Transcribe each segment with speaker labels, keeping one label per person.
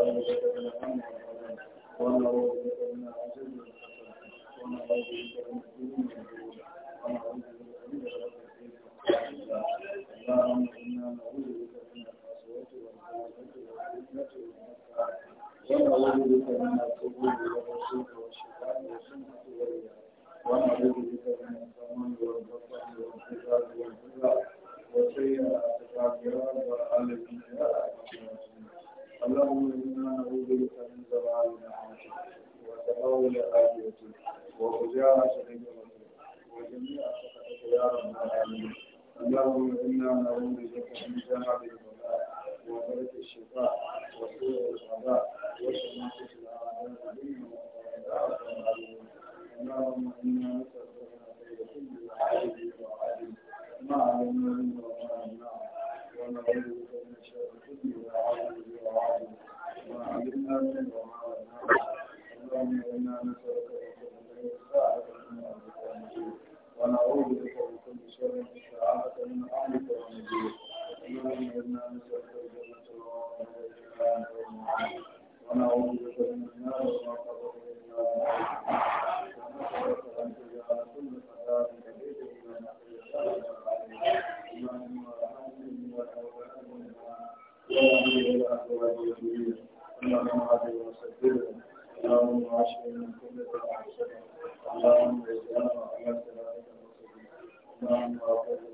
Speaker 1: عليك فلهم وأنا أعوذ بك من العزيز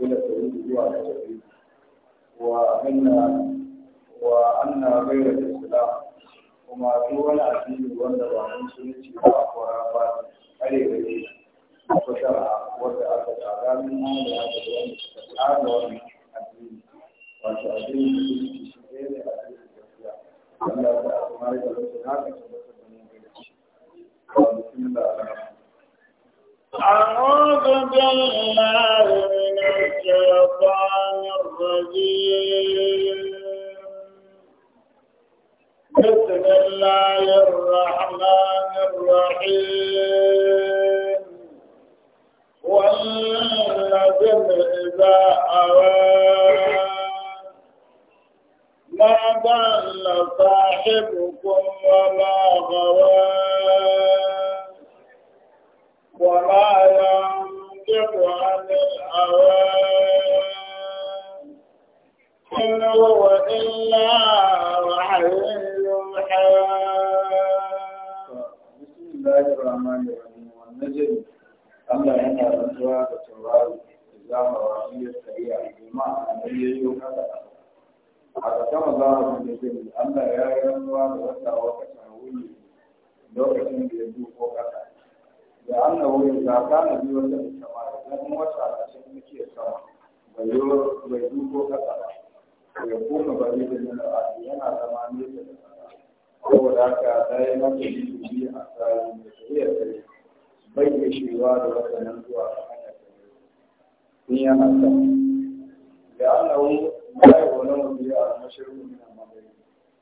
Speaker 2: dole ta rubu zuwa da jabi wa anna wa anna ghayra al-islam kuma duk wani addini wanda ba mun sun ce ba kwara ba kare da shi ko shara wanda aka tsara mun ma da aka ga wani wani addini wato addini da shi ne da aka da shi
Speaker 3: na da shi da shi الشيطان الرجيم بسم الله الرحمن الرحيم والنجم إذا أوى ما ضل صاحبكم وما غوى وما ينفع ينطق عن الهوى إن هو إلا وحي يوحى
Speaker 2: بسم الله الرحمن الرحيم والنجم أما أن الرسول توراه إذا مواهي السريع بما أن يوحى haka sama za a wani jirgin Allah ya yi rantsuwa da wata wata kan wuni lokacin da ya duko kasa da annahu idza kana bi wata sama idan wata a cikin muke sama bai yi bai duko kasa ba ya kuma bari da nan yana zama nesa da kasa saboda haka dai na ce bi a tsari da shari'a sai bai da shiwa da wata nan zuwa hanyar ni yana sama da annahu bai wani mutum ya almashirin mutum a magana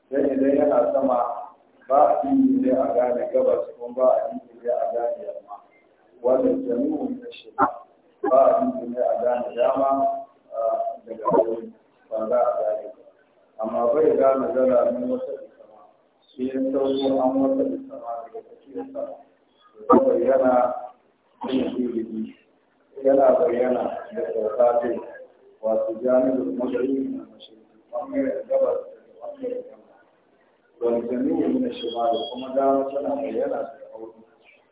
Speaker 2: dan idan yana sama ba a yi ne a gane gabas kuma ba a yi ne a gane yamma wannan jami'u na shi ba a yi ne a gane dama daga wani ba za a gane amma bai gane zara ne wata isama shi ya sauko an wata isama daga tsakiyar sama da bayyana yin ilimi yana bayyana da sauka dai wato jami'in matsayi na mashi ɓangaren gabas da ɓangaren yamma wani jami'in na shi ma da kuma dama tana bayyana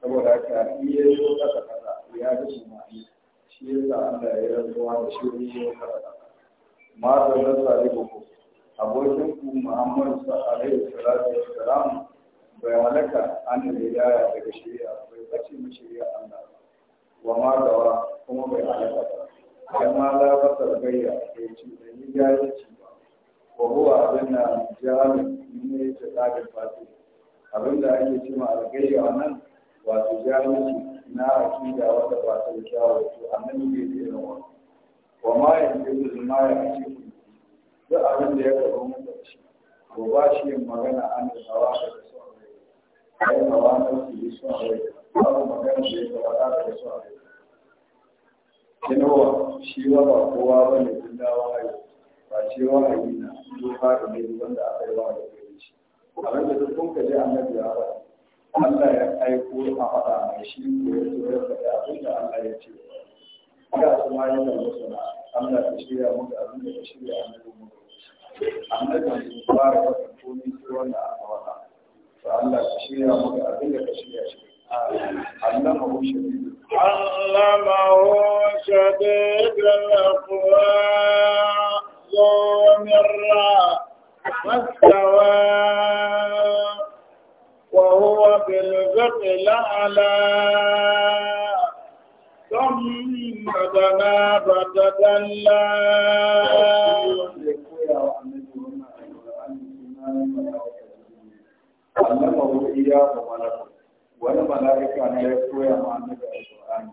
Speaker 2: saboda haka in ya zo kasa kasa ya ji su ma yi shi yasa Allah ya rantsuwa da shi ne ya kasa kasa ma da nasa da ku abokin ku Muhammad alaihi salatu bai halaka an da ya daga shari'a bai bace mu shari'a Allah wa ma wa kuma bai halaka ba kai ma la fasar gayya bai ci da ni ya ci ba wa huwa abinda jami'in ne ta da fasi abinda ake cewa algayya nan wato jahilci na akida wanda ba ta kyawu to annabi bai da irin wannan wa ma yanzu da ma ya ce duk abin da ya gaba mata da shi ko ba shi yin magana an da hawa da su a rai ai hawa na su yi su a rai babu magana da ya gaba da su a rai
Speaker 3: kinowa shi wa ba kowa ba ne
Speaker 2: illa wahayi ba ce yi na doka da ne wanda aka yi wahayi da shi abin da duk kun ka ji annabi ya faɗa Allah ya aiko a faɗa mai shi ko ya zo ya faɗa abin da Allah ya ce Ina su ma da musuna Allah ya shirya mu da abin da ya shirya annabi mu annabi mu fara faɗa komai sai wanda aka faɗa to Allah ya shirya mu da abin da ka shirya shi Allah
Speaker 3: Allah ma علمه شديد علمه شديد القوى ذو مرة فاستوى بالبق لعلا ثم دنا فتدلى
Speaker 2: wani mala'ika ne ya koya ma annabi Al-Qur'ani,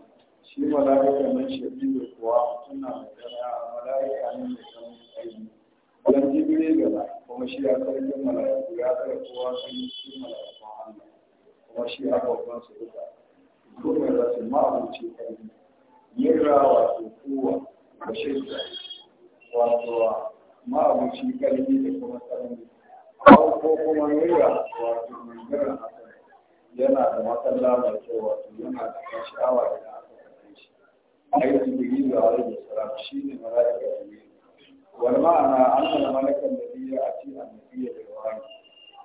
Speaker 2: shi mala'ika nan da kuwa suna magana a mala'ika ne mai san ilimi. Dan jibiri gaba kuma shi ya karfin mala'iku ya karfi kowa sun yi shi mala'ikun kuma shi a babban su duka zuwa su ma'abuci ƙarfi yin rawa ke kowa da wato ma'abuci ƙarfi da kuma tsanani ko kuma rera wato mai gara yana da matsala mai kyau wato yana da sha'awa da aka kalle shi ayi jibiri da alaihi salam shine malaika jibiri wal ma'ana annal malaka alladhi ya'ti an-nabiyya da wahyi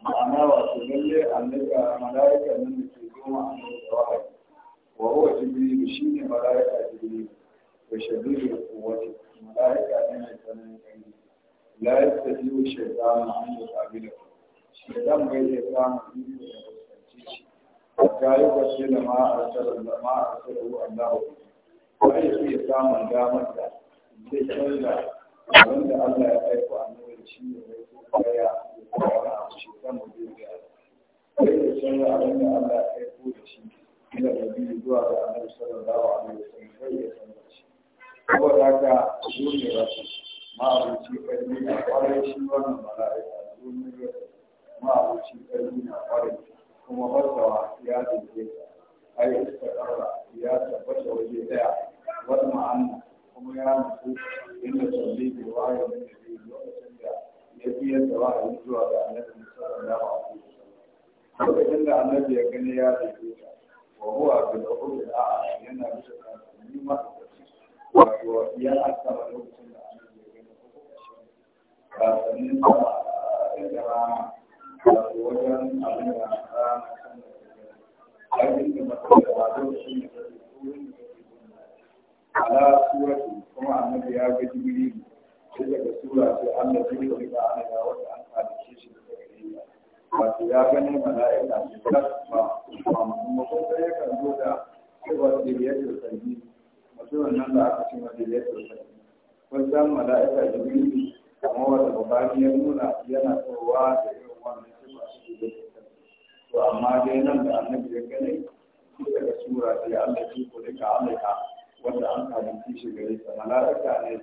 Speaker 2: ma'ana wato lalle annabi malaika nan da ke goma a nan da wahayi wa huwa jibrilu shine malaika jibrilu wa shadidu quwwati malaika ne mai tsananin ƙarfi la yastati'u shaytanu an yuqabila shaytan bai iya samun iko ya fuskanci shi hatta yi wasu da ma a arsala ma arsala Allah ba ya iya samun damar da zai canza wanda Allah ya aiko annabi shi ne mai tsaya shekaru da sun yi da Allah ya aiko da shi ila biyu zuwa ga annabi sallallahu alaihi wasallam sai ya san shi saboda haka dole na kwarai na kuma fasawa ya dace ta ya tabbata waje daya wal kuma ya mutu inda tabbi bi wa'ayi da bi lokacin tafiyar da wa'ayi zuwa ga annabi sallallahu alaihi ba. lokacin da annabi ya gani ya dace ta wa huwa bil a'a yana bisa kan nima da shi wato ya a lokacin da annabi ya gani ko ka sanin da da rana
Speaker 1: wato wajen abin da rana kan da aikin da mutum
Speaker 2: da ba lokacin da kake ko da kake ala kuma annabi ya ga jibril sai da sura ce Allah zai yi da ana wanda an halice shi daga gare ta wato ya gani mala'ika ne ba ba mu ko sai kan zo da cewa da ya yi sanni mutumin nan da aka ce ma da ya yi sanni kun san mala'ika jibril kuma wata babani ya nuna yana tsowa da irin wannan ba shi da ya to amma dai nan da annabi ya gani daga sura sai Allah ya ko da ka wanda an shi gare ta mala'ika ne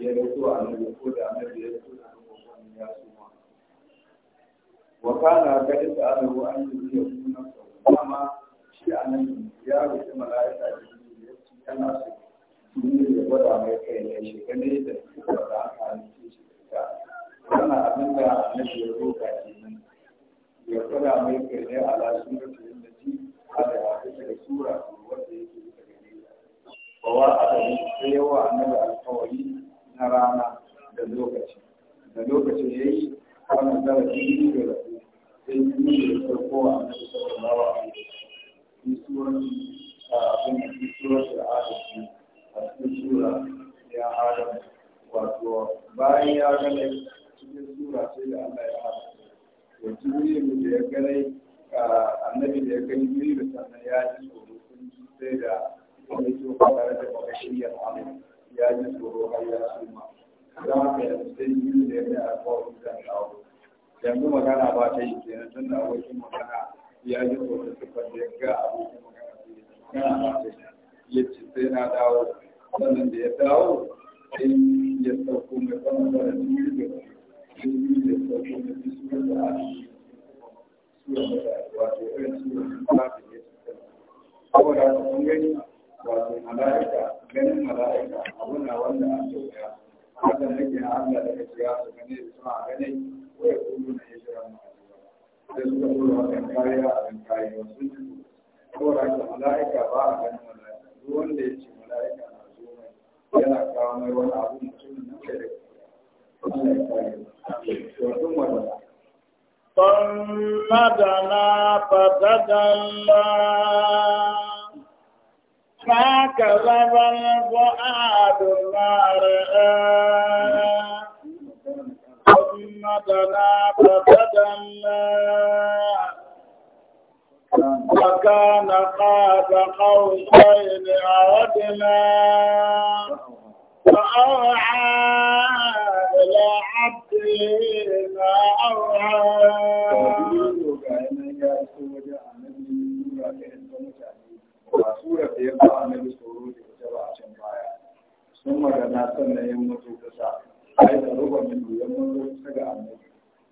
Speaker 2: ya a nan ko da annabi ya rasu a ya suma wa kana ga isa annabi an yi ya kuma shi annabi ya rufe malaika ya ce yana so ne gwada mai kai ya shi gane da kuma da aka halitta shi da wannan abin da annabi ya roƙa ya gwada mai kai ne ala sunnatin da ji ala ya fita da sura wanda yake daga ne ba wa adamu sai yawa da alkawari na rana da lokaci da lokaci ya yi wannan zarafi da rafi sai yi da farko a nan sallallahu alaihi wasallam a abin da ke suran da adalci a cikin sura ya adam wato bayan ya gane cikin sura sai da Allah ya hada to jibril da ya gane annabi da ya gani jibril sannan ya ji tsoro sai da wani tsofa tare da bakashiyar amin ya ji tsoro har ya suma za ka yi sai yi da yadda a alkawari zan dawo yanzu magana ba ta yi kenan tun da abokin magana ya ji tsoro sifar da ya ga abokin magana zai yi magana ba ta yi ya ce sai na dawo sannan da ya dawo sai ya sauko mai kwanan da jini da jini da sauko
Speaker 1: mai jisuwar da a yi suwar da wato yi suwar da ta fi ne
Speaker 2: da kun gani wato mala'ika ganin mala'ika abu na wanda an tafiya wanda nake na Allah daga shiga su gane su suna gane ko ya kuru na ya shiga ma'azuwa sai suka kuru wakan kariya a kan kayi sun ci Ko ka mala'ika ba a ganin mala'ika duk wanda ya ce mala'ika na zo mai yana kawo mai wani abu mutumin nan da Allah ya kare to sun wadanda
Speaker 3: ثم دنا فتدلى ما كذب الفؤاد ما رأى ثم دنا فتدلى
Speaker 1: وكان قاب قوسين أودنا فأوعى إلى
Speaker 3: عبده ما أوعى
Speaker 2: ba surar da ya ba a nabi tsoro da ita ba a can baya sun magana sannan ya mutu kusa ai da ruba min ya mutu kusa ga annabi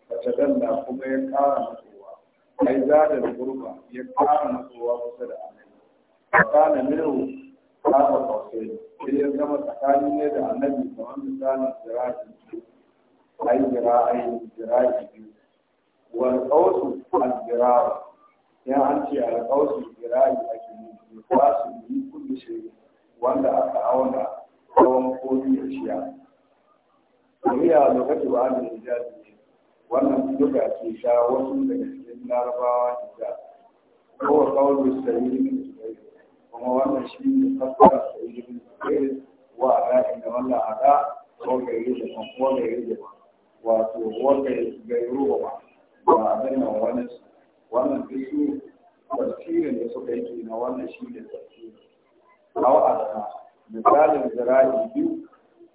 Speaker 2: wata danda kuma ya kara matsowa ai za da gurba ya kara matsowa kusa da annabi kana miru kafa kausai sai ya zama tsakanin ne da annabi kamar a zira'i biyu ai zira'ai zira'i biyu wal qawsu al zira'u yan an ce alƙawsu birayi ake nufi ba su yi kullu shi wanda aka auna tsawon komi da shiya kuriya lokacin ba da hijabi wannan duka ke sha wasu daga cikin larabawa hijabi ko wa su kai. kuma wannan shi ne fassara sayi ne kai wa ala da wannan ada ko gairi da kan ko gairi da wato wanda ya gairu ba ba abin nan wani su wannan duk su tafsirin da suka yi na wannan shi ne tafsirin aw adana misalin zira'i biyu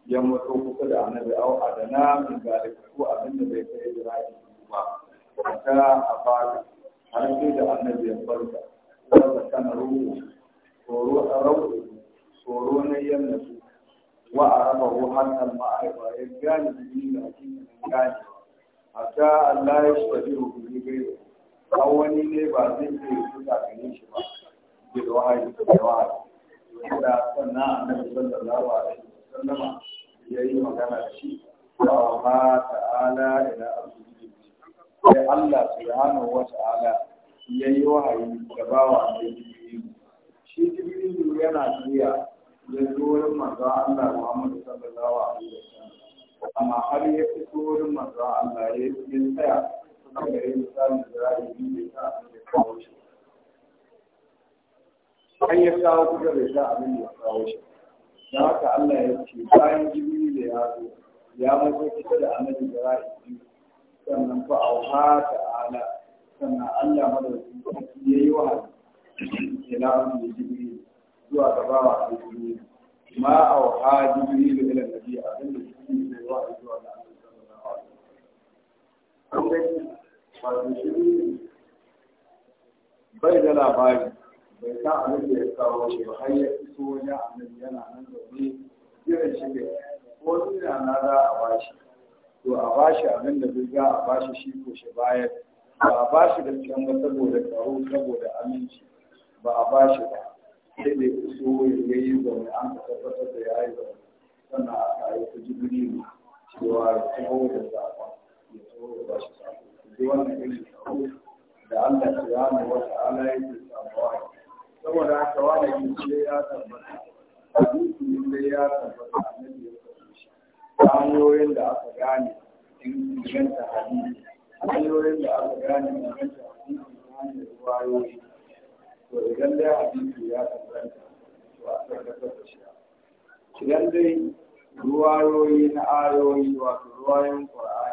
Speaker 2: ya mutu kusa da annabi aw adana min zalika ko abin da zai kai zira'i biyu ba ta a fara har sai da annabi ya farka wanda kana ruhu tsoro a rauni tsoro na yanna su wa a raba ruhan al-ma'aifa ya gane da jini da hakikanin gane hatta Allah ya shi wa jiru guri har wani ne ba zai ce ta gani shi ba ke da wahayi da wahayi da sannan lawa sallallahu alaihi wasallam ya yi magana da shi wa ma ta'ala ila abdihi sai Allah hana wa ta'ala ya yi wahayi da ba bawa annabi shi jibrilu yana jiya ya zo wurin manzo Allah Muhammad sallallahu alaihi wasallam amma har ya fito wurin manzo Allah ya yi tsaya kuma gare mu samun zira'i biyu da ta abin da an ya kawo abin da shi da haka Allah ya ce bayan jibiri da ya zo ya mazo kusa da annabi zira'i biyu sannan fa auha ta'ala sannan Allah madaukakin sarki ya yi wahayi ila abin da jibiri zuwa gabawa a jibiri ma auha jibiri da ilan nabi abin da jibiri zai wahayi zuwa da annabi sallallahu alaihi wasallam wato shi bai da labari bai ta abin da ya kawo shi ba har ya fito wajen annabi yana nan da wani jiran shi ne ko duniya na za a bashi to a bashi abin da zai za a bashi shi ko shi bayar ba a bashi da can ba saboda tsaro saboda aminci ba a bashi ba sai da iso ya yi zaune an ka tabbatar da ya yi zaune sannan a kayi ta jibrilu cewa ya taho da saƙon ya taho da shi saƙon sai wannan irin tsaro da Allah subhanahu wa ta'ala ya yi samuwa saboda haka wani sai ya tabbata hadisi sai ya tabbata annabi ya faɗi shi hanyoyin da aka gane in inganta hadisi hanyoyin da aka gane in inganta hadisi ta hanyar ruwayoyi to idan dai hadisi ya tabbata to a tabbatar da shi idan dai ruwayoyi na ayoyi wato ruwayoyin qur'ani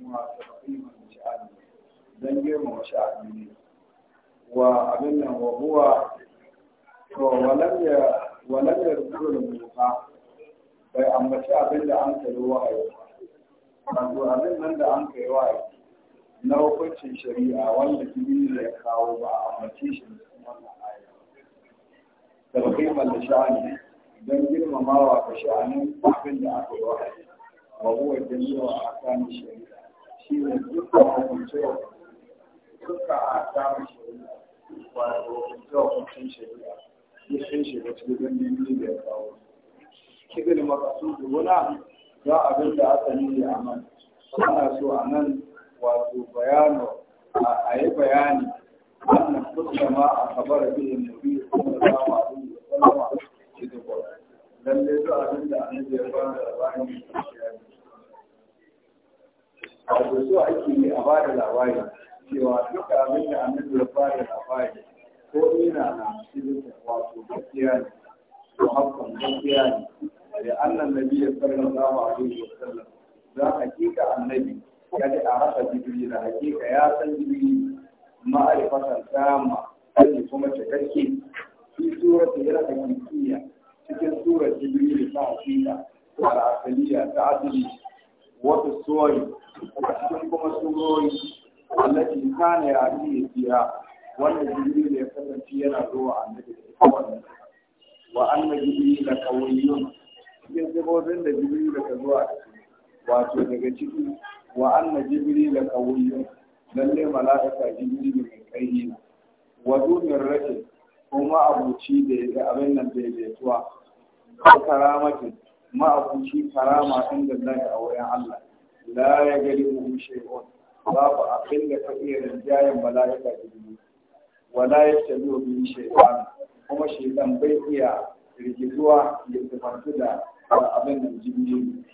Speaker 2: rahima da rahima da sha'ani dan girmama sha'ani ne wa abin nan wa huwa to walam ya walam ya rubuta muka bai ambaci abin da an kai wa wahayi wato abin nan da an kai wa wahayi na hukuncin shari'a wanda jibril ya kawo ba a ambace shi wannan aya da rahima da sha'ani don girma girmamawa ga sha'anin abin da aka yi wa wahayi ba huwa jami'a a kan shari'a shine dukkan hukuncin duka a samun shari'a wato hukuncin hukuncin shari'a ya sun shiga cikin nemi da ya kawo kiɗin makasudu wuna za a abin da aka yi a nan ana so a nan wato bayano a yi bayani wannan kusa ma a kabara bihin biyu kuma da kama abin da ya kama a cikin lalle duk abin da annabi ya fara da bayan wato so ake yi a bada labari cewa duk abin da annabi ya bada labari ko ina na cikin wato gaskiya ne ko hakan gaskiya ne da annan nabi ya mu alaihi da sallar? za hakika annabi ya ji a haka jibrila hakika ya san jibiri. ma'arifatan sama sani kuma cikakke fi surati yana da kikiya cikin surar jibrila ta hakika ta asaliya ta asali wata suwari cikin kuma surori allati kana ya ji biya wanda jibril ya kasance yana zuwa annabi da ita wannan wa anna da qawiyyun cikin sirrin da jibril ka zuwa wato daga ciki wa anna jibril qawiyyun lalle mala'ika jibril mai kai ne wa dunin rake kuma abuci da ya ga abin nan daidaituwa ko karamati ma abuci karama inda zaka a wurin Allah la ya gari mu shay'un babu abin da ka iya rinjayen mala'ika da biyu wala ya tabi'u bi shay'an kuma shaytan bai iya rigizuwa ya tafantu da abin da jini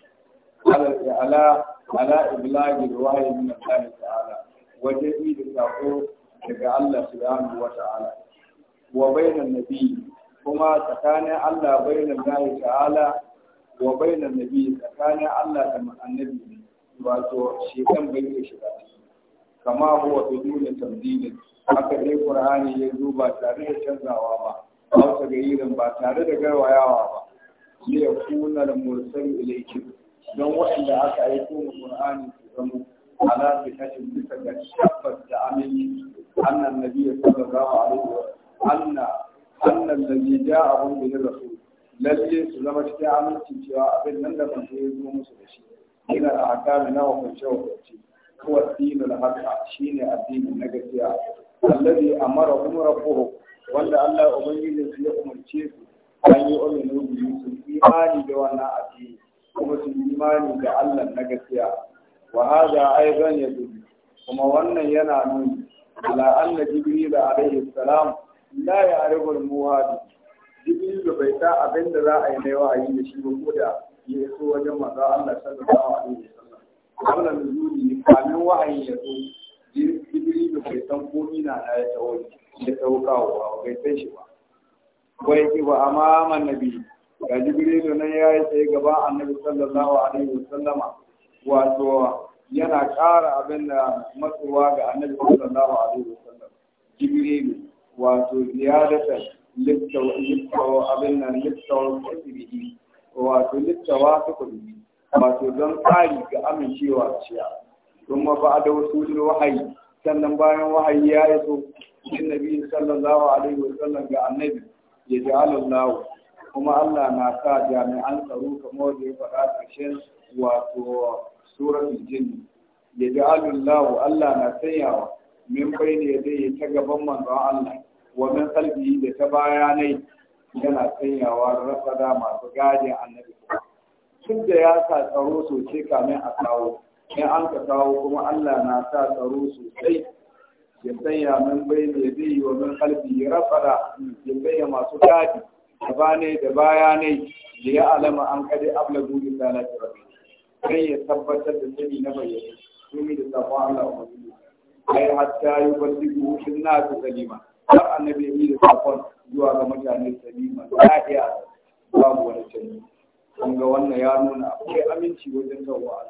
Speaker 2: ala ala iblagi ruwayi min Allah ta'ala wajen yi da sako daga Allah subhanahu wa ta'ala wa bainan nabi kuma tsakanin Allah bainan Allah ta'ala wa nabi tsakanin Allah da wato shekan bai ke shiga kama huwa biduni tamdilin haka dai qur'ani ya zo ba tare da canzawa ba aw tagayirin ba tare da garwayawa ba ya kuna da mursal ilaykum don wanda aka aiko mu qur'ani su zamo ala bi kashin bisa ga tabbas da amini annan nabiyyu sallallahu alaihi wa anna annan ladhi ja'a bihi rasul lalle su zama cikin aminci cewa abin nan da manzo ya zo musu da shi ila al-ahkam na hukunce hukunce huwa dinul haqq shine addini na gaskiya a mara umar rabbuhu wanda Allah ubangiji su ya umarce su an yi uminu biyu su imani da wannan addini kuma su imani da Allah na gaskiya wa zan aidan yadullu kuma wannan yana nuni ala anna jibril alayhi salam la ya al-muhadi jibril bai ta abinda za a yi mai wa'ayi da shi ba ko da ya iso wajen maza Allah sallallahu alaihi wasallam kamar nuzuli ne kamin wahayi ya zo jibrilu bai san ko ina na ya tawo ya tawo kawo bai san shi ba Bai ki ba amaman nabi ga da nan ya yi tsaye gaba annabi sallallahu alaihi wasallama wato yana ƙara abin da matsuwa ga annabi sallallahu alaihi wasallam jibrilu wato ziyadatan littawa abin nan littawa kwasirihi wato littawa su kudu wato don tsari ga amincewa ciya kuma ba da wasu wahayi sannan bayan wahayi ya yi so cikin nabi sallallahu alaihi wa sallam ga annabi ya ji alallahu kuma Allah na sa jami'an tsaro kamar da ya faɗa ƙarshen wato suratul jinni ya ji alallahu Allah na sanyawa min bai ne ya ta gaban manzon Allah wa min da ta bayanai yana sanyawa rasada masu gadin annabi Tun da ya sa tsaro sosai kamin a kawo in an ka kawo kuma Allah na sa tsaro sosai ya sanya min bai ne zai yi wa min kalbi ya rafada ya sanya masu gadi ba ne da baya ne da ya alama an kade ablagu da salati rabbi sai ya tabbatar da sani na bayyana kuma da sabon Allah wa mutum ai hatta yuballighu fil nas salima har annabi ya yi da sakon zuwa ga mutane salima lafiya babu wani canji kun ga wannan ya nuna akwai aminci wajen tawwa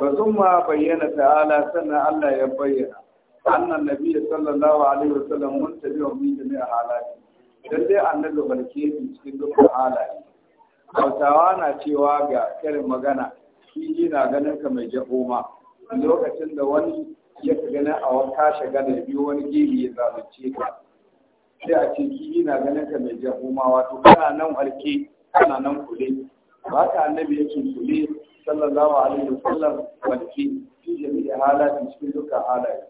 Speaker 2: ba sun ma bayyana ta'ala sannan Allah ya bayyana annan nabiyyi sallallahu alaihi wasallam mun tabi'a min jami'a halaye. dan dai annabi barke ni cikin dukkan halaye Hausawa na cewa ga karin magana shi na ganin ka mai jahoma lokacin da wani ya ka gani a kashe gane biyu wani gili ya zalunce ka sai a ce kiyi na ganin ka mai jahuma wato kana nan halke kana nan kule ba ka annabi yake kule sallallahu alaihi wasallam walki fi jami'i halati cikin duka halaye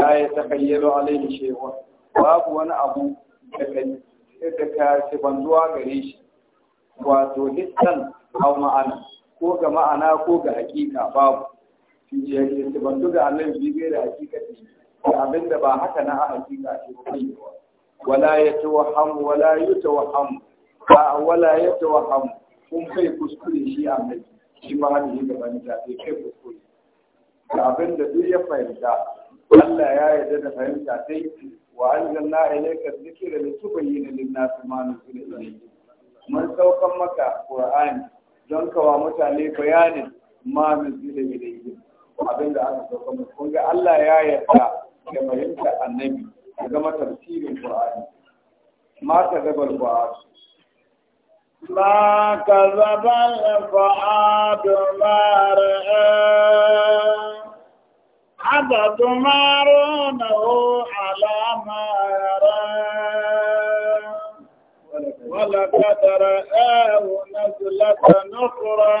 Speaker 2: la ya takayyaru alaihi shay'un babu wani abu da ka ka ban banzuwa gare shi wato hissan hau ma'ana ko ga ma'ana ko ga hakika babu shi ya ke tabantu da Allah bi gai da hakikati da abin da ba haka na a hakika ce ba wala ya tawaham wala ya tawaham ba wala ya tawaham kun kai kuskure shi a mai shi ma hannun da gaban da kai kai kuskure da abin da duk ya fahimta Allah ya yarda da fahimta sai wa anzalna ilayka dhikra litubayyana lin-nasi ma nuzila ilayhim mun saukan maka Qur'ani don kawa mutane bayanin ma nuzila ilayhim abin da aka sauka kuma kun ga Allah ya yarda da fahimta annabi ya zama
Speaker 3: tafsirin Qur'ani ma ka zabal Qur'ani ما كذب الفؤاد ما رأى حتى تمارونه على ما يرى ولقد رآه نزلة أخرى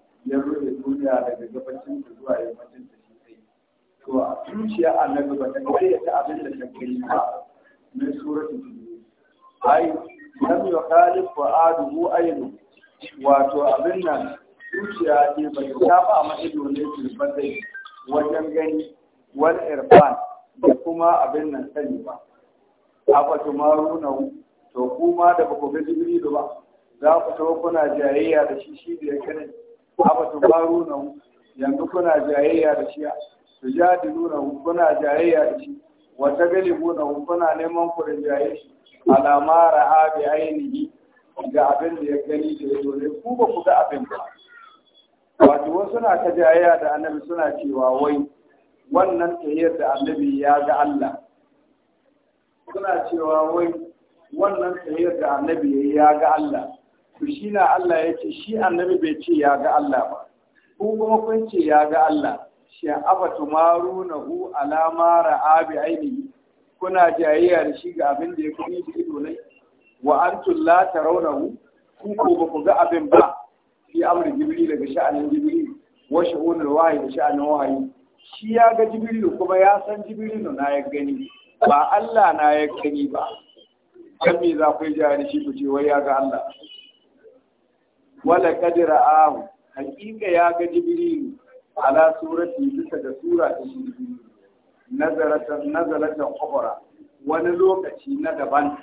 Speaker 3: ya
Speaker 2: rufe duniya daga gabacin da zuwa yammacin da shi kai to a zuciya annabi ba ta kare ta abin da ta kai ba min suratul jumu'a ai lam yukhalif fa'aduhu aynu wato abin nan zuciya ne ba ta saba ma ido ne tilfadai wajen gani wal irfan da kuma abin nan sani ba haka tumaruna to kuma da ba ku ga jibrilu ba za ku tawo kuna jayayya da shi shi da ya kare aba tubaru na yanzu kuna jayayya da shi su ja-di-nuna tujadilu na kuna jayayya da shi wa ku na kuna neman kurin jaye shi alama a bi ainihi ga abin da ya gani da ya dole ku ba ku ga abin ba wato wasu na ta jayayya da annabi suna cewa wai wannan tahiyyar da annabi ya ga Allah suna cewa wai wannan tahiyyar da annabi ya ga Allah to shi na Allah ya ce shi annabi bai ce ya ga Allah ba ko kuma kun ce ya ga Allah shi abatu marunahu alama ra'abi ainihi kuna jayayya da shi ga abin da ya kuni da ido ne wa ta rauna hu ku ko ba ku ga abin ba fi amri Jibiri daga sha'anin Jibiri. wa sha'unul wahayi da sha'anin wahayi shi ya ga jibril kuma ya san jibril na ya gani ba Allah na ya gani ba kan me za ku yi jayayya da shi ku ce wai ya ga Allah wala kadira ahu hakika ya ga jibrilu ala surati bisa ga sura ta nazaratan nazalatan wani lokaci na daban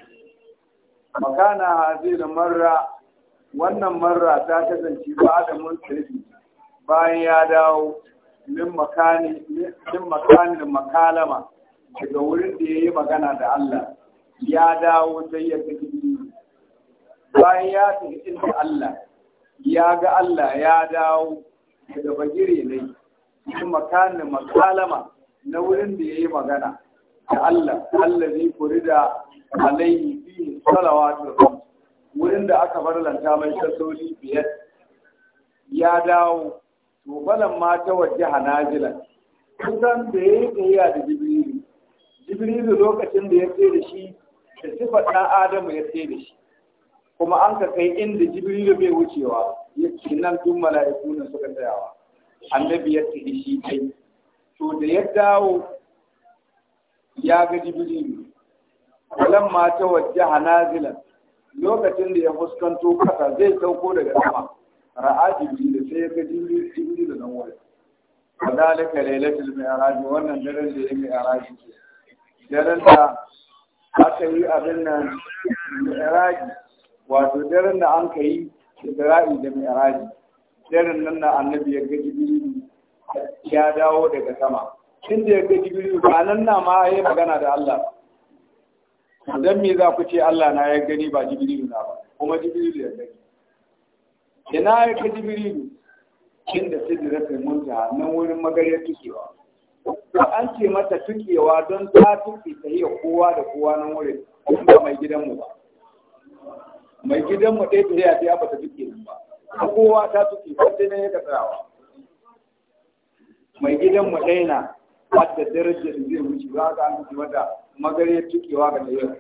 Speaker 2: makana hazira marra wannan marra ta kasance ba da mun bayan ya dawo min makani min makani makalama daga wurin da yayi magana da Allah ya dawo sai ya tafi bayan ya tafi inda Allah ya ga Allah ya dawo daga bagire ne cikin makanin makalama na wurin da ya yi magana da Allah Allah zai kuri da alayhi fi salawatu wurin da aka farlanta mai sassoli biyar ya dawo to balan ma ta waje hanajilan kusan da ya yi tsayiya da jibrilu jibrilu lokacin da ya tsaye da shi da sifar ɗan adamu ya tsaye da shi kuma an ka kai inda jibrilu bai wucewa yake nan duk mala'iku ne suka tsayawa annabi ya tafi shi kai to da ya dawo ya ga jibrilu walan ma ta wajjaha nazilan lokacin da ya fuskanto kasa zai sauko daga sama ra'a jibrilu sai ya ga jibrilu nan wurin kadalika lailatul mi'raj wannan daren da ya mi'raj daren da aka yi abin nan mi'raj wato daren da an kai Isra'i da Mi'raji daren nan na annabi ya ga Jibiru ya dawo daga sama da ya ga Jibiru? ba nan na ma ya magana da Allah dan me za ku ce Allah na ya gani ba Jibiru na ba kuma Jibiru ya gani ina ya ga Jibrilu inda sidratul munta nan wurin magariyar tukewa to an ce mata tukewa don ta tuke ta yi kowa da kowa nan wurin ba mai gidanmu ba mai gidan mu dai duriya ta bata duke nan ba kowa ta tuke ba sai ne ya tsarawa mai gidan mu dai na wadda darajar zai wuce za ka an da magare tukewa ga da yau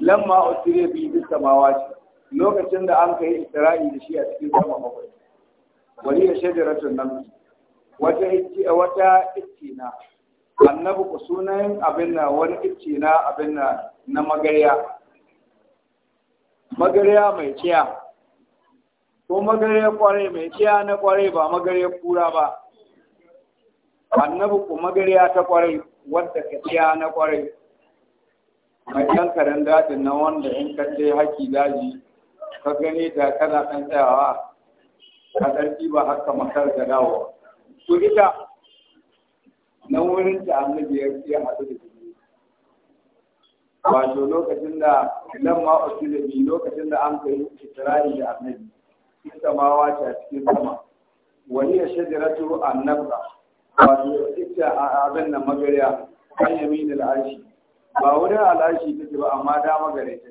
Speaker 2: lamma usire bi samawa samawati lokacin da an kai isra'i da shi a cikin sama bakwai wani ya shajaratun nan wata icce wata icce na annabi ku sunan abin na wani icce na abin na na magarya magariya mai ciya ko magariya kwarai mai ciya na kwarai ba magariya kura ba annabi ko magariya ta kwarai wadda ka ciya na kwarai mai ɗan karen dajin na wanda in ka ce haƙi daji ka gani da kana ɗan tsayawa a ɗarki ba haka masar da dawo to ita na wurin da annabi ya haɗu da jini wato lokacin da lamma bi lokacin da an kai isra'i da annabi samawa ta cikin sama wani ya shajaratu annabra wato ita abin nan magariya an yami da al'ashi ba wurin al'ashi take ba amma da magare ta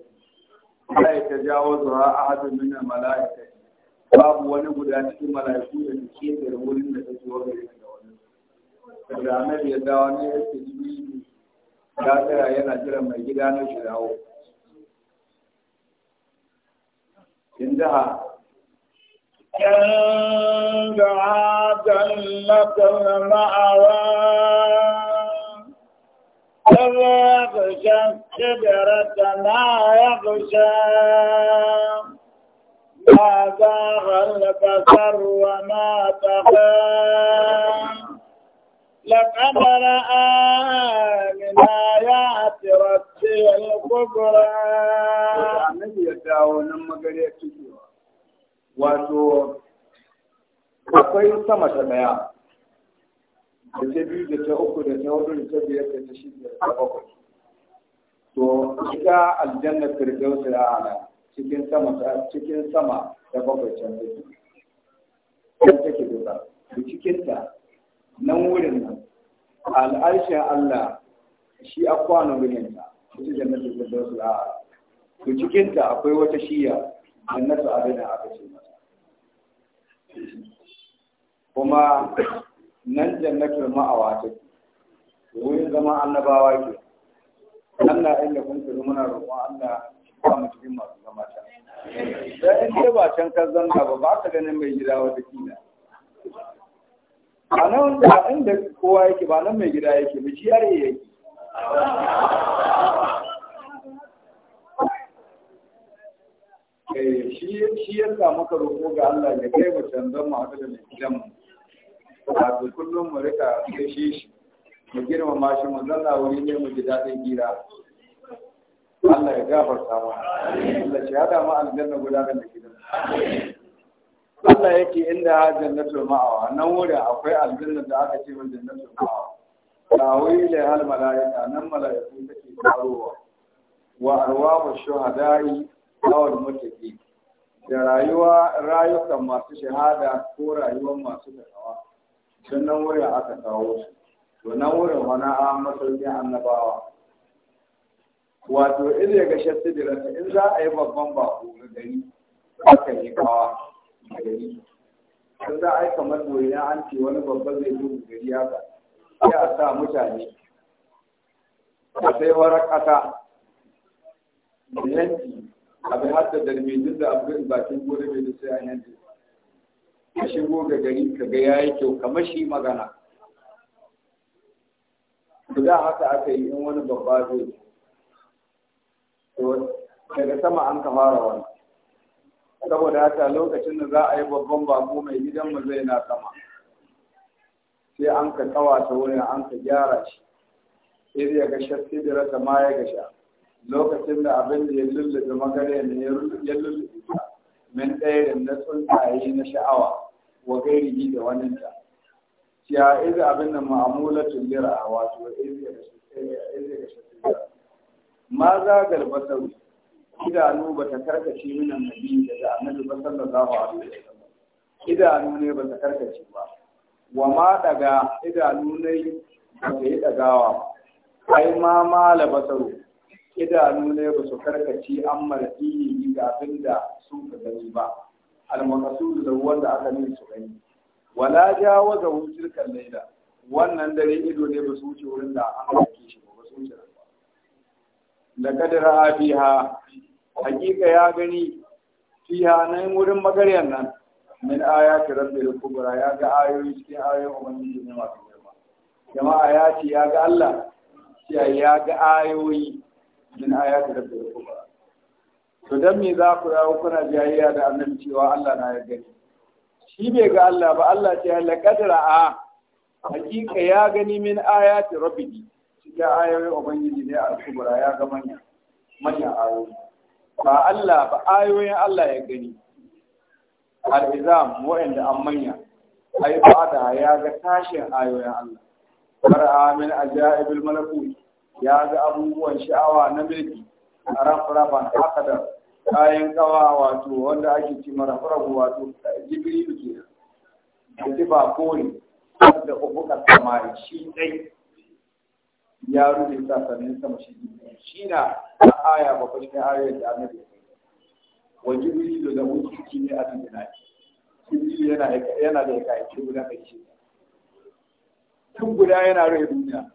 Speaker 2: Allah ya jawo zuwa ahadun min al-mala'ika babu wani guda cikin mala'iku da ke da wurin da take wa da wani da annabi ya dawo ne ya ce ya tsaya yana jiran mai gida na shi dawo.
Speaker 3: In jiha. na tsawon ma'awa, tsawon ya kusa, tsibirata na ya kusa. ما ظهر البصر وما تخاف لقد رأى من آيات ربه الكبرى
Speaker 2: annabi ya dawo nan magariya cikewa wato akwai sama ta daya da ta biyu da ta uku da ta hudu da ta biyar da ta da ta to cikin sama ta cikin sama ta bakwai can take cikin ta nan wurin nan al'arshin Allah shi a kwano wurin ta ita da firdausul a'la to cikin ta akwai wata shiya abin da aka ce masa. kuma nan jannatul ma'awa ke, wurin zama annabawa ke nan na inda kun tsoro muna roƙon Allah ba mu cikin masu zama can. Da in ba can ka zanna ba ba ka ganin mai gida wata kila. a nan da inda kowa yake ba nan mai gida yake ba jiyar yake eh, shi ya samu ka roƙo ga Allah ya kai mu canzon mu haka da gidan mu wato kullum mu rika gaishe shi mu girmama shi mu zanna wuri ne mu ji daɗin gira Allah ya gafarta mu Allah ya hada mu aljanna gudanar da gidan Allah yake inda jannatul ma'awa nan wurin akwai aljanna da aka ce min jannatul ma'awa tawi da hal malaika nan malaiku take tarowa wa arwahu shuhada'i awal mutaki da rayuwa rayukan masu shahada ko rayuwar masu takawa sun nan wurin aka kawo su to nan wurin wani an masaukin annabawa wato in ya ga shatti in za a yi babban bako ga gari aka yi kawa a gari don za a yi kamar doyin an ce wani babba zai zo gari haka sai a sa mutane a sai warar ƙasa da yanki abin hatta da duk da abin bakin gore mai da sai a yanzu? ka shigo ga gari ka ga yi kyau kamar shi magana da haka aka yi in wani babba zai daga sama an ka fara wani saboda haka lokacin da za a yi babban bako mai gidan mu zai na sama sai an ka ta wurin an ka gyara shi sai ya ga shafi da rasa ma ya gasha lokacin da abin da ya lullube magare ne ya lullube min ɗaya da na tsuntsaye na sha'awa wa gairi da ta ya iri abin da ma'amulatun lira wato iri ga shafi lira ma za galbasauri idanu ba ta karkace min annabi daga annabi ba sallallahu alaihi wasallam idanu ne ba ta karkace ba wa ma daga idanu ne ba ta yi dagawa ai ma mala basaru idanu ne ba su karkace an marfi ga abin da sun ka gani ba almakasudu da wanda aka min su gani wala jawaza kan laila wannan dare ido ne ba su wuce wurin da an ke shi ba su wuce ba da kadara biha hakika ya gani fiha nan wurin magaryan nan min ayati rabbil kubra ya ga ayoyi cikin ayoyin ubangiji ne masu girma jama'a ya ce ya ga Allah ya ya ga ayoyi min ayati rabbil kubra to dan me za ku dawo kuna jayayya da annabi cewa Allah na ya gani shi bai ga Allah ba Allah ce ya laqadra a hakika ya gani min ayati rabbil cikin ayoyin ubangiji ne al-kubra ya ga manya manya ayoyi ba Allah ba ayoyin Allah ya gani al’izam izam an manya ai da ya ga tashin ayoyin Allah far'a amin ajaibil malakut ya ga abubuwan sha'awa na mulki haka da kayan kawa wato wanda ake ci marafrafu wato jibrilu kenan da ba kone da ubuka samari shi dai ya rufe sa sanin sama shi shi na aya babban shi ayoyin da annabi wa wuri da wuce ne a cikin naki jibrilu yana da yaka ce guda mai shi tun guda yana rufe duniya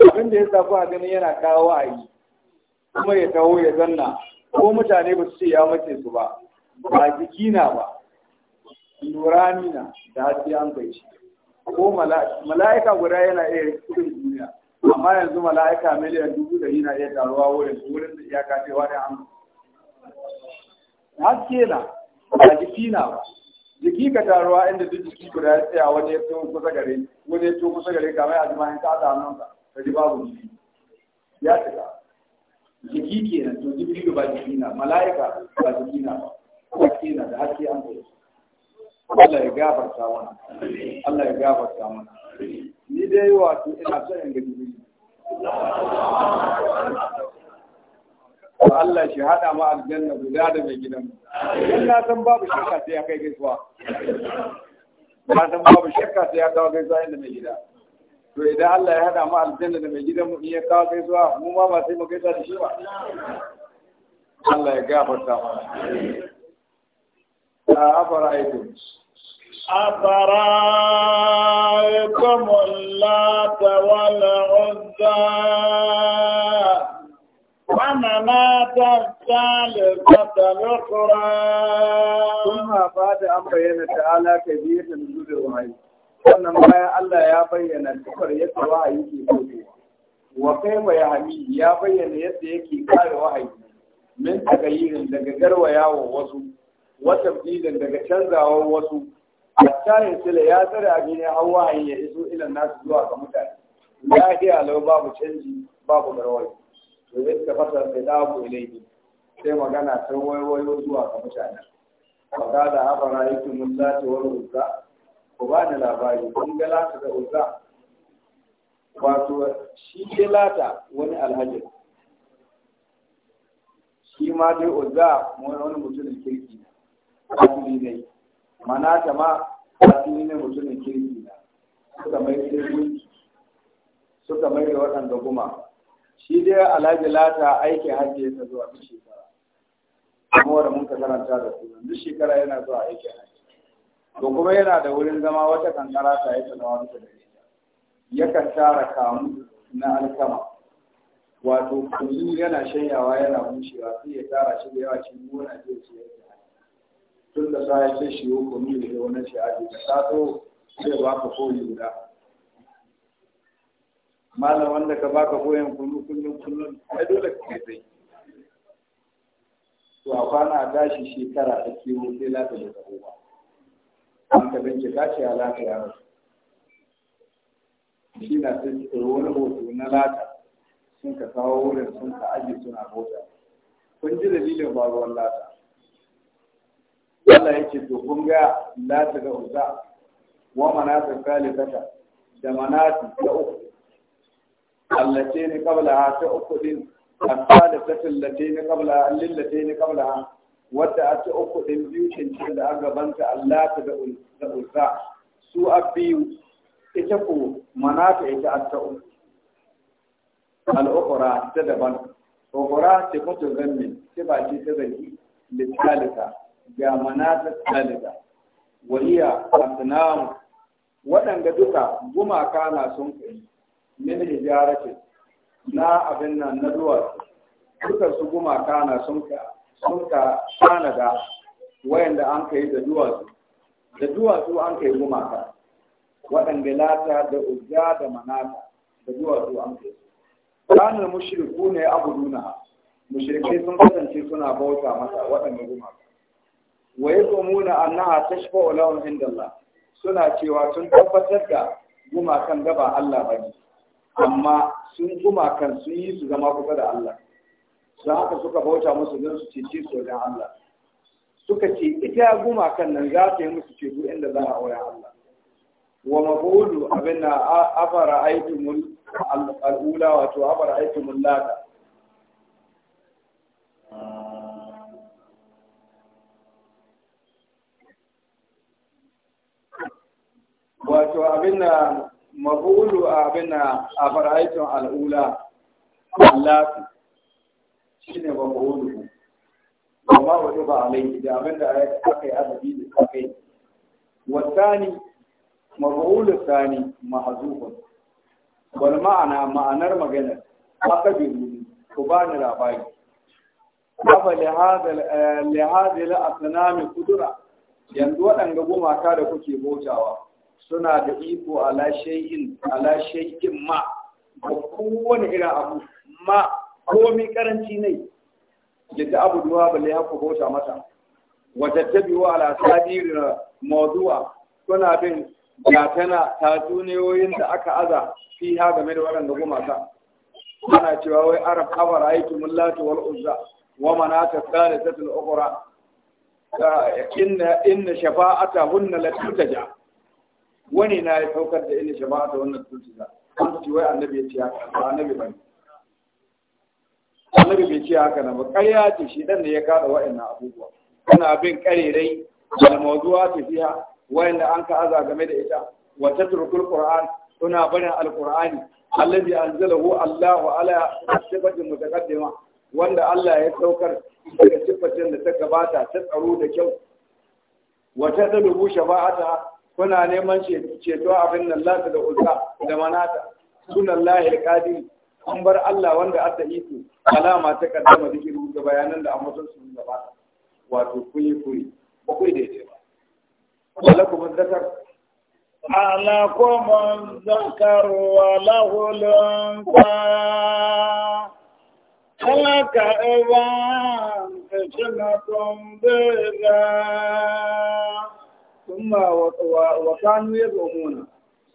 Speaker 2: abin da ya sa a ganin yana kawo a yi kuma ya kawo ya zanna ko mutane ba su ce ya mace su ba ba jiki na ba nurani na da hasi an bai shi ko mala'ika guda yana iya kudin duniya amma yanzu mala'ika miliyan dubu da yana iya taruwa wurin wurin da iyaka ce Da an haske na ba jiki na ba jiki ka taruwa inda duk jiki guda ya tsaya wani ya to kusa gare wani ya to kusa gare kamar a jima'in ka da hannunka ka ji babu jiki ya shiga jiki kenan to jiki ba jiki na mala'ika ba jiki na ba haske na da haske an kai Allah ya gafarta mana Allah ya gafarta mana ni dai wato ina son in gaji miji Allah shi hada ma aljanna guda da mai gidan in na san babu shakka sai ya kai gaisuwa na san babu shakka sai ya kawo gaisuwa inda mai gida to idan Allah ya hada mu aljanna da mai gidan mu in ya kawo gaisuwa mu ma ba sai mu gaisa da shi ba
Speaker 3: Allah ya gafarta mana أفرأيتم أفرأيتم اللات والعزى ومناة الثالثة الأخرى ثم
Speaker 2: بعد أن بين تعالى كبير من جود الرعي وأنما الله يا بين الكفر يتوى أيدي كبير وكيف يا حبيبي يا بين يديك كار من تغيير لك غير وياه وصول wata daga canzawar wasu a tsarin sila ya tsara a gini hau wahayi ya iso ilan nasu zuwa ga mutane ya ke alau babu canji babu garwai to zai ta fasa sai dabu ilaihi sai magana sun wayo-wayo zuwa ga mutane kaga da haka rayukin mullaci wani uzza ku ba da labari kun ga lata da uzza wato shi ke lata wani alhaji shi ma dai uzza wani mutumin kirki ne malami ne mana ta ma cikin ne mutumin kirki na suka mai kirki suka mai da waɗanda guma shi dai alhaji lata aiki hajji ya zuwa duk shekara kuma wanda mun karanta da su duk shekara yana zuwa aiki hajji to kuma yana da wurin zama wata kankara ta yi sanawa duka da ita yakan tara kamu na alkama wato kuzu yana shanyawa yana bushewa sai ya tara shi da yawa cikin gona zai ciyar da tun da sa ya ce shi yau ni da yau shi aji da sato ba ka koyi guda malam wanda ka baka koyin kunu kunu kunu ai dole ka kai sai to a kwana a tashi shekara ta kiwo sai lafiya da tsaro ba an ka bincika shi a ya rasu shi na sai wani hoto na lata sun ka kawo wurin sun ka aji suna mota kun ji dalilin faruwar lata Allah ya ce to kun ga lati da usa wa manata salisata da manati ta uku Allah allace ne kabla ha ta uku din as-salisata allati ne kabla allati ne kabla ha wadda a ta uku din biyu kin da aka banta Allah ta da usa su abiyu ita ko manata ita a ta uku al-ukhra ta daban ukhra ta kuntu zanni ta ce ta zanni litalika ga manata dalida wa iya asnam waɗanda duka gumaka na sun kai min hijarati na abin nan na duwatsu duka su gumaka na sun ka sun ka tanada wayanda an kai da duwatsu da duwatsu an kai gumaka waɗanda lata da ujja da manata da duwatsu an kai kanar mushriku ne abuduna mushrikai sun kasance suna bauta masa waɗanda gumaka wa yazumuna annaha tashfa'u lahum inda Allah suna cewa sun tabbatar da gumakan gaba Allah bane amma sun gumakan sun yi su zama kusa da Allah su haka suka bauta musu don su cece su wajen Allah suka ce ita gumakan nan za ta yi musu ceto inda za a wurin Allah wa mabudu abin na afara aitumul al'ula wato afara aitumul lada wato abin da mafulu abin da a fara'aitun al'ula allafi shi ne ba, amma wani ba alaihi da abin da aka yi adabi da aka yi wasani mafulu sani ma'azufun wal ma'ana ma'anar ka aka biyu ku ba ni labari kafa lihazil tsanami kudura yanzu waɗanda gumaka da kuke bautawa suna da iko ala shay'in ala ma ko kowane irin abu ma komi karanci ne yadda abu duwa balle ya ku bauta mata wa tattabi'u ala sadir mawdu'a kuna bin gatana duniyoyin da aka aza fi ha game da waɗanda gumaka ana cewa wai arab kabar aitumul lati wal uzza wa manata thalithatul ukhra inna inna shafa'atahunna la wani na ya saukar da ilin shafa'a da wannan tuntuza an ce wai annabi ya ce haka ba annabi ba ne annabi bai ce haka na ba ƙarya ce shi dan da ya kada wa'annan abubuwa kana bin ƙarerai da mawdu'a ta fiha wa'anda an ka aza game da ita wa tatrukul qur'an kuna barin alqur'ani zala anzalahu Allahu ala sifatin mutaqaddima wanda Allah ya saukar daga sifatin da ta gabata ta tsaro da kyau wa tadalubu shafa'ata kuna neman ceto abin nan lata da ulka da manata sunan lahil kadi an bar Allah wanda adda iko alama ta kaddama zikiru da bayanan da amsan sun gaba wato kuyi kuyi ba kuyi da yake ba walakum zakar
Speaker 3: alakum zakar wa lahul ta shi na فتنة بذا Kuma wa kanu yad'una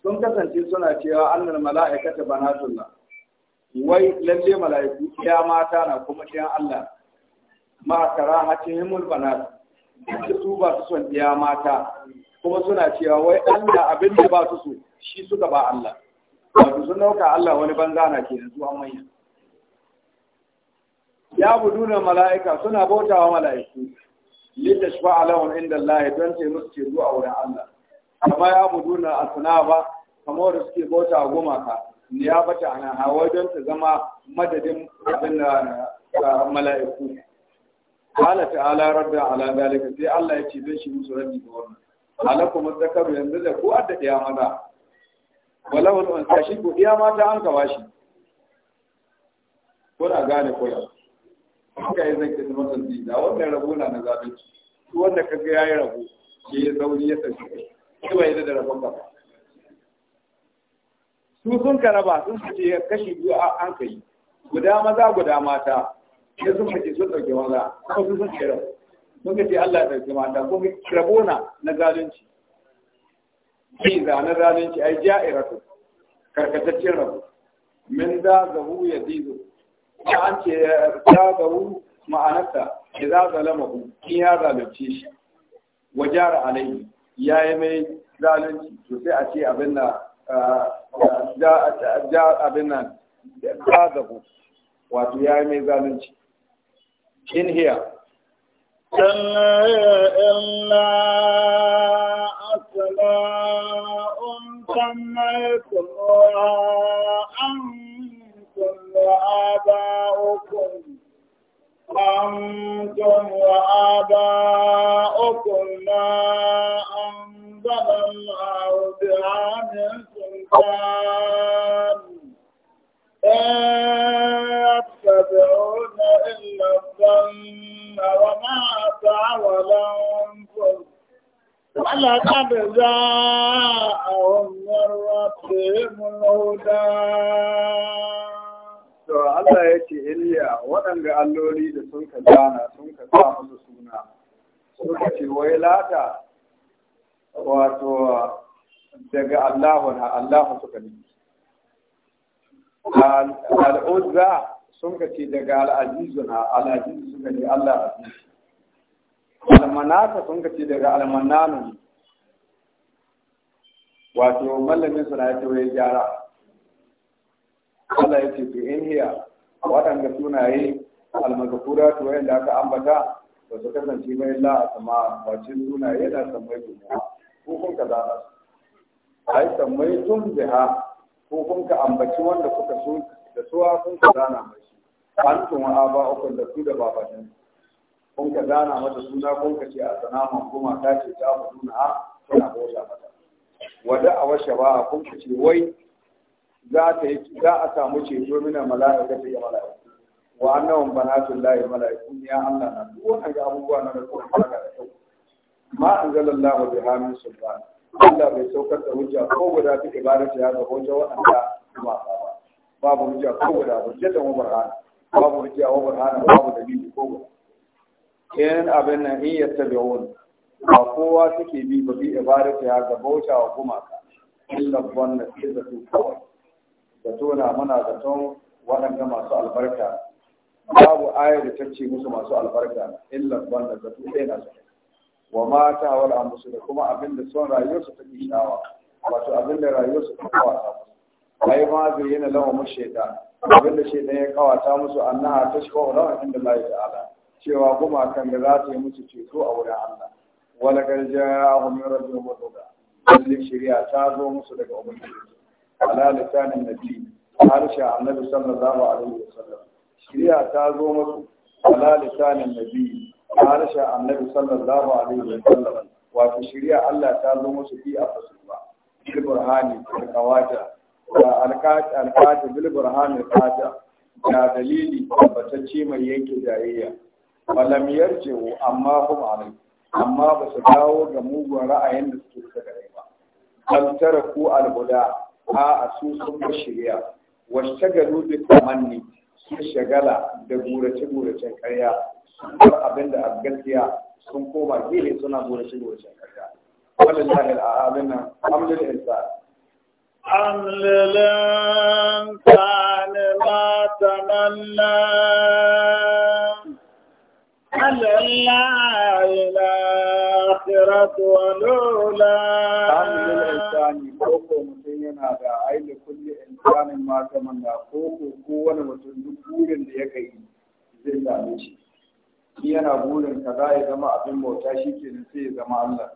Speaker 3: sun kasance suna cewa
Speaker 2: annal mala'ikata banatullah wai lalle mala'iku ya mata na kuma ɗiyan Allah ma karahacin himul banat da su ba su son ɗiya mata kuma suna cewa wai Allah abin da ba su so shi suka ba Allah wato sun dauka Allah wani banza na ke zuwa an manya ya buduna mala'ika suna bautawa mala'iku shi ba alawar inda Allah don ce musu ce zuwa wurin Allah amma ya a asna ba kamar da suke bauta a gumaka ne ya bata ana hawa don ta zama madadin abin da mala'iku Allah ta'ala radda ala dalika sai Allah ya ce zai shi musu raddi ga wannan alakum zakaru yanzu da ku adda ya maza walau wani sashi ku iya mata an kawashi kuna gane kula suka yi zai kiri masa zida wannan rabo na na zalunci su wanda ka ga yi rabo ke ya sauri ya tafi sai bai da rabon ba su sun karaba sun fice kashi biyu an kai guda maza guda mata sai sun fice sun dauke maza kuma sun sun kira sun ce Allah ya dauke mata kuma rabo na na zalunci Biza na zalunci ai ja'iratu karkataccen rabo min da zahu ya dizo an ce ya zaru ma'anarta ya za zalama ku in ya zalunce shi wa jara alaihi ya yi mai zalunci to sai a ce abin da ja abin nan ya zaru wato ya yi mai zalunci in hiya كلا
Speaker 3: إلا وآباؤكم أنتم وآباؤكم ما أنزل الله بعام سلطان يتبعون إلا الظن وما تعول أنفسهم ولقد جاءهم من ربهم الهدى
Speaker 2: Allah ya ce Iliya waɗanda alloli da sun ka gana sun ka sa musu suna suka ce wai lata wato daga Allahu na Allahu suka ne al'uzza sun ka ce daga al'azizu na al'azizu suka ne Allah azizu almanata sun ka ce daga almananu wato mallamin suna ya ce wai gyara Allah ya ce to in hiya waɗanda sunaye su wayan da aka ambata ba su kasance ba illa a sama bacin sunaye da sammai kuma ko kun ka zaɓa ai sammai tun ha ko kun ka ambaci wanda kuka so da suwa kun ka zana mai shi an tun wa ba uku da su da babanin kun ka zana mata suna kun ka ce a sanama kuma ta ce ta ku nuna a suna bauta mata wada a washe ba kun ka ce wai za ta yi za a samu ceto mina mala'ika ta yi mala'iku wa annahum banatul lahi mala'iku ya Allah na duk wannan ga abubuwa na da kuma daga da kyau ma anzalallahu biha min sultan Allah bai saukar da hujja ko guda ta ibadata ya ga hujja wa'anda ba ba babu hujja ko guda hujja da mu burhan babu hujja wa burhan babu dalili ko guda in abin nan in yattabi'un ba kowa take bi ba bi ibadata ya ga bauta wa gumaka illa wannan sai da kawai Da na muna zaton waɗanda masu albarka babu aya da ta ce musu masu albarka illa wanda zato ɗaya na zato wa mata wal amsu da kuma abin da son rayuwarsu ta kishawa wato abin da rayuwarsu ta kawata musu ai ma zai yana lawa mu sheda. abin da shaitan ya kawata musu annaha tashfa'u lahum inda Allah ta'ala cewa kuma kan da za su yi musu ceto a wurin Allah wala ya hau min rabbihim wa tuba shari'a ta zo musu daga ubangiji ala lisanin nabi harshen annabi sallallahu alaihi wasallam shari'a ta zo musu ala lisanin nabi harshen annabi sallallahu alaihi wasallam wato shari'a Allah ta zo musu fi a fasuba bil burhani da kawata alkata bil burhani kata da dalili tabbatacce mai yanke jayayya walam yarji'u amma hum alaihi amma ba su dawo ga mugun ra'ayin da suke suka ba kal taraku al a su sun ba shirya wasu tagalu da kamanni sun shagala da gurace-guracen karya sun bar abin da a gaskiya sun koma gehe suna gurace-guracen karya wadda hila a abin nan amlil insa
Speaker 3: amlil insa ne ma tamanna Allah ila mutum yana da أهل الإنسان كوكو متينا دا أي لكل
Speaker 2: ko wani mutum duk burin da ya kai zai same shi shi yana burin ka kaza ya zama abin bauta shi ke nan sai ya zama Allah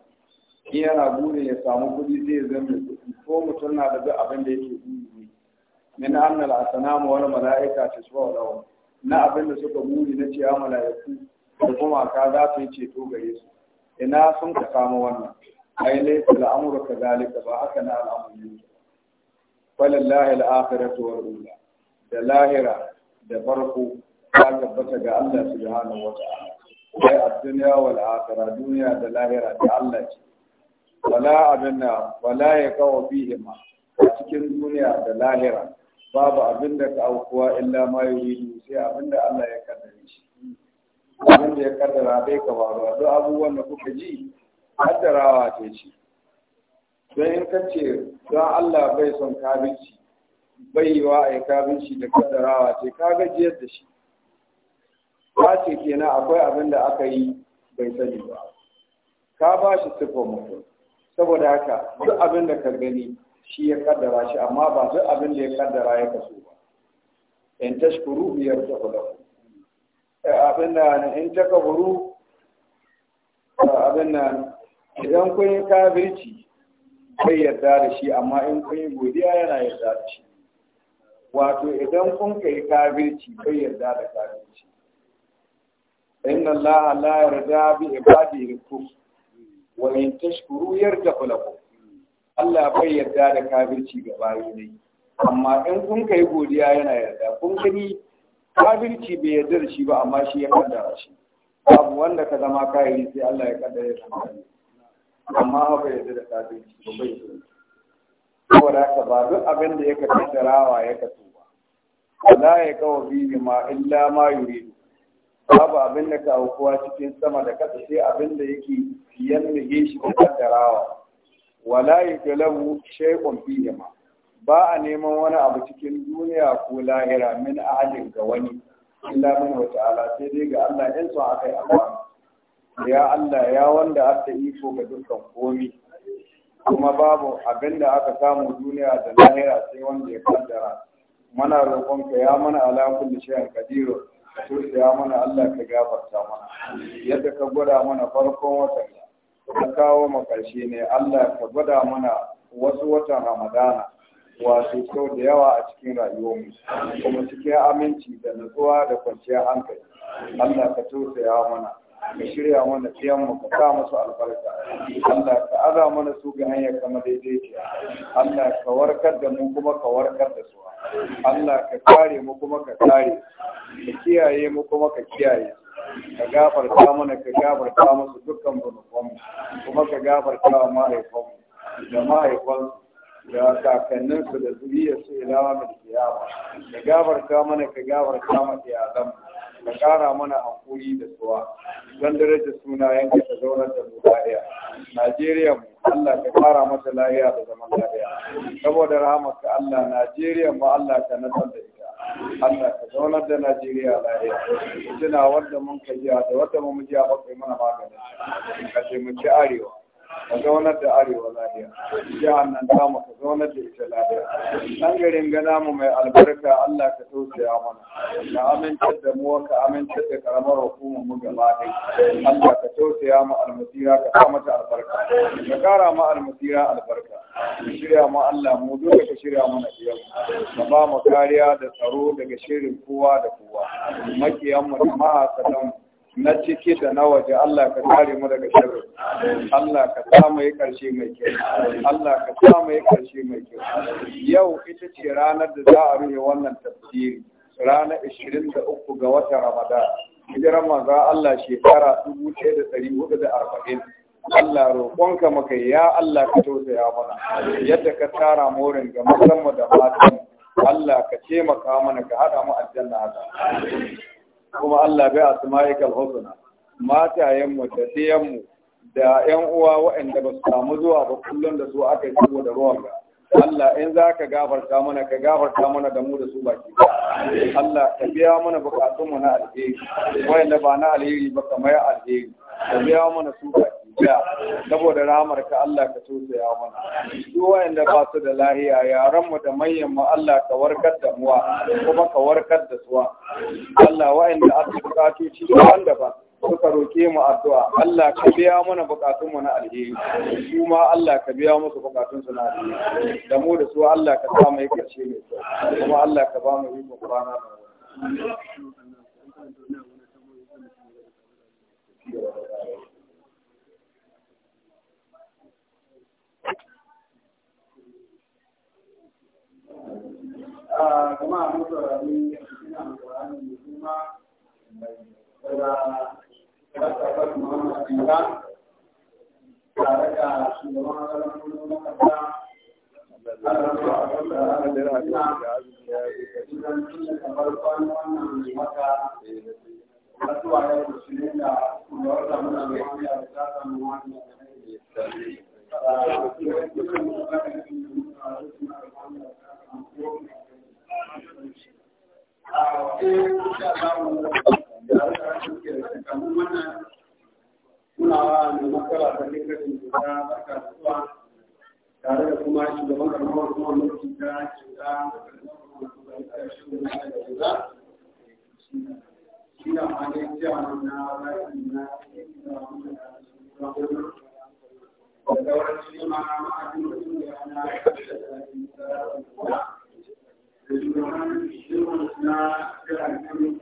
Speaker 2: shi yana burin ya samu kuɗi zai zama kuɗi ko mutum na da duk abin da yake buri ne min annal asanamu wani malaika ta tasbahu lahu na abin da suka buri na ciya mala'iku da kuma ka za su yi ceto gare su ina sun ka samu wannan ai laysa al'amru kadhalika ba haka na al'amru yake walillahi al'akhiratu wal ula da lahira da farko ta tabbata ga Allah subhanahu wa ta'ala ai ad-dunya wal akhirah duniya da lahira da Allah ce wala abinna wala yaqaw fihima cikin duniya da lahira babu abin da ka aukuwa illa ma yuridu sai abin da Allah ya kaddare shi abin da ya kaddara bai ka a duk abubuwan da kuka ji kaddarawa ce ce don in ka ce don Allah bai son kabinci bai yi wa a kabinci da kaddarawa ce ka gajiyar da shi ba ce kenan akwai abin da aka yi bai sani ba ka ba shi siffar mutum saboda haka duk abin da ka gani shi ya kaddara shi amma ba duk abin da ya kaddara ya kaso ba in tashkuru biyar ta ku abin da in ta kaburu abin da idan kun yi kafirci bai yarda da shi amma in kun yi godiya yana yarda da shi wato idan kun kai kafirci bai yarda da kafirci inna allaha la yarda bi ibadi al wa in tashkuru yarda lakum Allah bai yarda da kafirci ga bayi ne amma in kun kai godiya yana yarda kun gani kafirci bai yarda da shi ba amma shi ya kaddara shi babu wanda ka zama kayi sai Allah ya kaddara ya zama amma haka yarda da kafirci ba bai so saboda haka ba duk abin da ya ka ya ka so ba Allah ya kawo bibi ma illa ma yuri babu abin da ka aukuwa cikin sama da kasa sai abin da yake yan da shi da kaddarawa wala yuklamu shay'un bihi ma ba a neman wani abu cikin duniya ko lahira min ahadin ga wani illa min wa ta'ala sai dai ga Allah in so akai amma ya Allah ya wanda aka iko ga dukkan komi kuma babu abinda aka samu duniya da lahira sai wanda ya kaddara mana roƙonka ya mana ala kulli shay'in qadir ya mana Allah ka gafarta mana yadda ka gwada mana farkon watan ka kawo mu karshe ne Allah ka gwada mana wasu watan Ramadana wato sau da yawa a cikin rayuwarmu kuma cikin aminci da nutsuwa da kwanciyar hankali Allah ka tausaya mana ka shirya mana mu ka sa musu albarka Allah ka aza mana su ga hanyar kama daidaiciya Allah ka warkar da mu kuma ka warkar da su Allah ka kare mu kuma ka kare ka kiyaye mu kuma ka kiyaye ka gafarta mana ka gafarta musu dukkan zunubanmu kuma ka gafarta wa mahaifanmu da mahaifansu da kakanninsu da zuriyarsu ilawa mai kiyama da gabarta mana ka gabarta mana iyalan ka kara mana hankuri da tsuwa don daraja suna yanke ta zaunar da mu lahiya Najeriya mu Allah ka kara mata lahiya da zaman lahiya saboda rahamarka Allah Najeriya mu Allah ka nasar da ita Allah ka zaunar da Najeriya lahiya tuna wanda mun ka jiya da wanda mun jiya bakwai mana maganin ka ce mu ci arewa ka zaunar da arewa lafiya Ya nan tamu ka zaunar da ita lafiya ɗan garin gana mu mai albarka Allah ka tausaya mana ka amintar da mu ka amintar da karamar hukumar mu gaba ɗai Allah ka tausaya mu almasira ka sa mata albarka ka kara mu almasira albarka ka shirya mu Allah mu duka ka shirya mana biyan ka ba mu kariya da tsaro daga shirin kowa da kowa makiyan mu jama'a ka na ciki da na waje Allah ka tare mu daga shirin Allah ka samu ya karshe mai kyau Allah ka samu ya karshe mai kyau yau ita ce ranar da za a rufe wannan tafsiri ranar 23 ga watan Ramadan hijiran manzo Allah shekara 1440 Allah roƙonka maka ya Allah ka tausaya mana yadda ka tara morin ga musamman da matan Allah ka taimaka mana ka haɗa mu aljanna haka kuma Allah bai asma'ikal husna matayen mu da tiyan mu da ƴan uwa waɗanda ba su samu zuwa ba kullum da su aka yi da ruwan ga Allah in za ka gafarta mana ka gafarta mana da mu da su baki Allah ka biya mana bukatunmu na alheri wayanda ba na alheri ba kamar alheri ka biya mana su ka jiya saboda ramar ka Allah ka tausaya mana duk wanda ba su da lahiya yaran mu da manyan mu Allah ka warkar da muwa kuma ka warkar da suwa Allah wa'anda aka bukatu ci wanda ba suka roke mu addu'a Allah ka biya mana bukatun mu na alheri su ma Allah ka biya musu bukatun su na alheri da mu da su Allah ka sa mu yi karshe mai kyau kuma Allah ka ba mu riko kwana da kuma a mutu rami suna alƙur'ani ne kuma daga kasafar muhammad ɗinka tare
Speaker 1: da shugaban ƙarfin na ƙasa kuma wata
Speaker 2: Kunawa da matsala ta dukkanin cuta a kasuwa tare da kuma shugaban karamar kuma mulki ta cuta na
Speaker 1: na na na da shugaban shirin na jiragen